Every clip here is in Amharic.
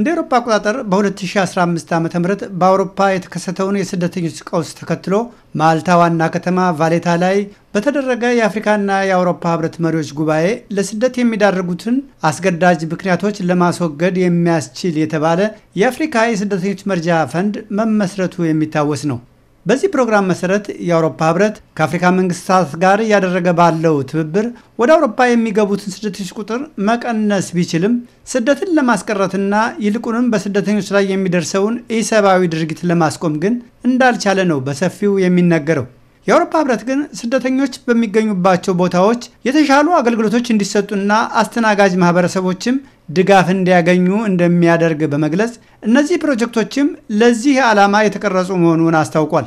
እንደ አውሮፓ አቆጣጠር በ2015 ዓ ም በአውሮፓ የተከሰተውን የስደተኞች ቀውስ ተከትሎ ማልታ ዋና ከተማ ቫሌታ ላይ በተደረገ የአፍሪካና የአውሮፓ ህብረት መሪዎች ጉባኤ ለስደት የሚዳርጉትን አስገዳጅ ምክንያቶች ለማስወገድ የሚያስችል የተባለ የአፍሪካ የስደተኞች መርጃ ፈንድ መመስረቱ የሚታወስ ነው። በዚህ ፕሮግራም መሰረት የአውሮፓ ህብረት ከአፍሪካ መንግስታት ጋር እያደረገ ባለው ትብብር ወደ አውሮፓ የሚገቡትን ስደተኞች ቁጥር መቀነስ ቢችልም ስደትን ለማስቀረትና ይልቁንም በስደተኞች ላይ የሚደርሰውን ኢሰብአዊ ድርጊት ለማስቆም ግን እንዳልቻለ ነው በሰፊው የሚነገረው። የአውሮፓ ህብረት ግን ስደተኞች በሚገኙባቸው ቦታዎች የተሻሉ አገልግሎቶች እንዲሰጡና አስተናጋጅ ማህበረሰቦችም ድጋፍ እንዲያገኙ እንደሚያደርግ በመግለጽ እነዚህ ፕሮጀክቶችም ለዚህ ዓላማ የተቀረጹ መሆኑን አስታውቋል።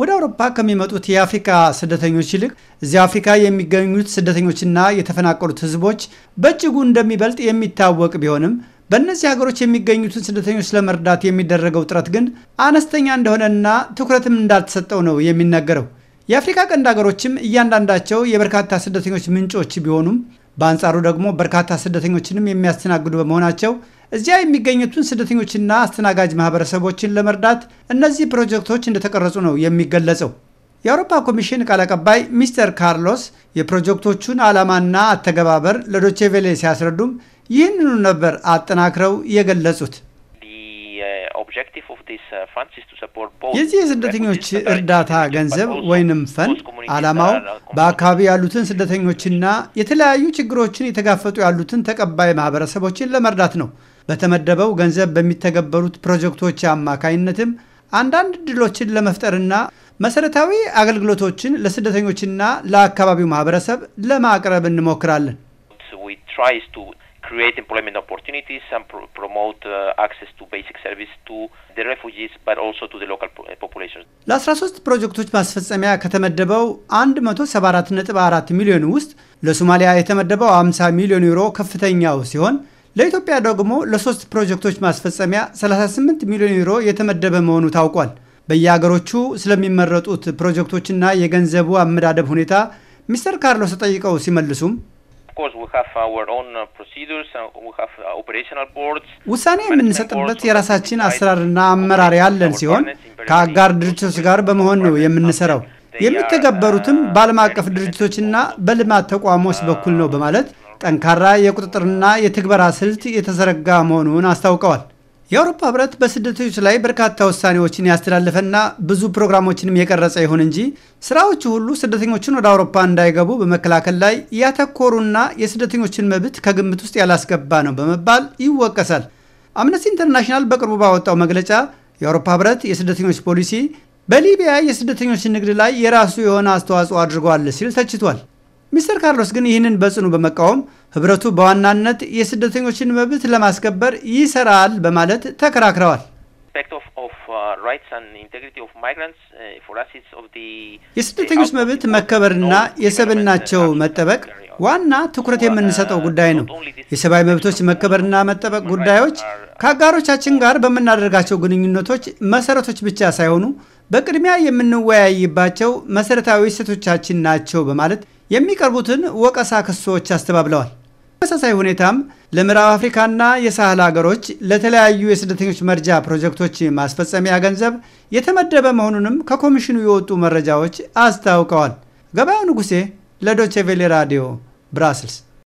ወደ አውሮፓ ከሚመጡት የአፍሪካ ስደተኞች ይልቅ እዚህ አፍሪካ የሚገኙት ስደተኞችና የተፈናቀሉት ህዝቦች በእጅጉ እንደሚበልጥ የሚታወቅ ቢሆንም በእነዚህ ሀገሮች የሚገኙትን ስደተኞች ለመርዳት የሚደረገው ጥረት ግን አነስተኛ እንደሆነና ትኩረትም እንዳልተሰጠው ነው የሚነገረው። የአፍሪካ ቀንድ ሀገሮችም እያንዳንዳቸው የበርካታ ስደተኞች ምንጮች ቢሆኑም በአንጻሩ ደግሞ በርካታ ስደተኞችንም የሚያስተናግዱ በመሆናቸው እዚያ የሚገኙትን ስደተኞችና አስተናጋጅ ማህበረሰቦችን ለመርዳት እነዚህ ፕሮጀክቶች እንደተቀረጹ ነው የሚገለጸው። የአውሮፓ ኮሚሽን ቃል አቀባይ ሚስተር ካርሎስ የፕሮጀክቶቹን ዓላማና አተገባበር ለዶቼቬሌ ሲያስረዱም ይህንኑ ነበር አጠናክረው የገለጹት። Uh, የዚህ የስደተኞች እርዳታ ገንዘብ ወይንም ፈንድ ዓላማው በአካባቢ ያሉትን ስደተኞችና የተለያዩ ችግሮችን የተጋፈጡ ያሉትን ተቀባይ ማህበረሰቦችን ለመርዳት ነው። በተመደበው ገንዘብ በሚተገበሩት ፕሮጀክቶች አማካይነትም አንዳንድ እድሎችን ለመፍጠርና መሰረታዊ አገልግሎቶችን ለስደተኞችና ለአካባቢው ማህበረሰብ ለማቅረብ እንሞክራለን። create employment opportunities and pr- promote uh, access to basic service to the refugees but also to the local uh, populations። ለ13 ፕሮጀክቶች ማስፈጸሚያ ከተመደበው 174.4 ሚሊዮን ውስጥ ለሶማሊያ የተመደበው 50 ሚሊዮን ዩሮ ከፍተኛው ሲሆን ለኢትዮጵያ ደግሞ ለሶስት ፕሮጀክቶች ማስፈጸሚያ 38 ሚሊዮን ዩሮ የተመደበ መሆኑ ታውቋል። በየሀገሮቹ ስለሚመረጡት ፕሮጀክቶችና የገንዘቡ አመዳደብ ሁኔታ ሚስተር ካርሎስ ተጠይቀው ሲመልሱም course we have our own uh, procedures uh, we have uh, operational boards ውሳኔ የምንሰጥበት የራሳችን አሰራርና አመራር ያለን ሲሆን ከአጋር ድርጅቶች ጋር በመሆን ነው የምንሰራው። የሚተገበሩትም በዓለም አቀፍ ድርጅቶችና በልማት ተቋሞች በኩል ነው በማለት ጠንካራ የቁጥጥርና የትግበራ ስልት የተዘረጋ መሆኑን አስታውቀዋል። የአውሮፓ ህብረት በስደተኞች ላይ በርካታ ውሳኔዎችን ያስተላለፈና ብዙ ፕሮግራሞችንም የቀረጸ ይሁን እንጂ ስራዎቹ ሁሉ ስደተኞችን ወደ አውሮፓ እንዳይገቡ በመከላከል ላይ ያተኮሩና የስደተኞችን መብት ከግምት ውስጥ ያላስገባ ነው በመባል ይወቀሳል። አምነስቲ ኢንተርናሽናል በቅርቡ ባወጣው መግለጫ የአውሮፓ ህብረት የስደተኞች ፖሊሲ በሊቢያ የስደተኞች ንግድ ላይ የራሱ የሆነ አስተዋጽኦ አድርጓል ሲል ተችቷል። ሚስተር ካርሎስ ግን ይህንን በጽኑ በመቃወም ህብረቱ በዋናነት የስደተኞችን መብት ለማስከበር ይሰራል በማለት ተከራክረዋል። uh, uh, የስደተኞች መብት መከበርና የሰብናቸው መጠበቅ ዋና ትኩረት የምንሰጠው ጉዳይ ነው። የሰብአዊ መብቶች መከበርና መጠበቅ ጉዳዮች ከአጋሮቻችን ጋር በምናደርጋቸው ግንኙነቶች መሰረቶች ብቻ ሳይሆኑ በቅድሚያ የምንወያይባቸው መሰረታዊ እሴቶቻችን ናቸው በማለት የሚቀርቡትን ወቀሳ ክሶች አስተባብለዋል። ተመሳሳይ ሁኔታም ለምዕራብ አፍሪካና የሳህል ሀገሮች ለተለያዩ የስደተኞች መርጃ ፕሮጀክቶች ማስፈጸሚያ ገንዘብ የተመደበ መሆኑንም ከኮሚሽኑ የወጡ መረጃዎች አስታውቀዋል። ገበያው ንጉሴ ለዶቼ ቬሌ ራዲዮ ብራስልስ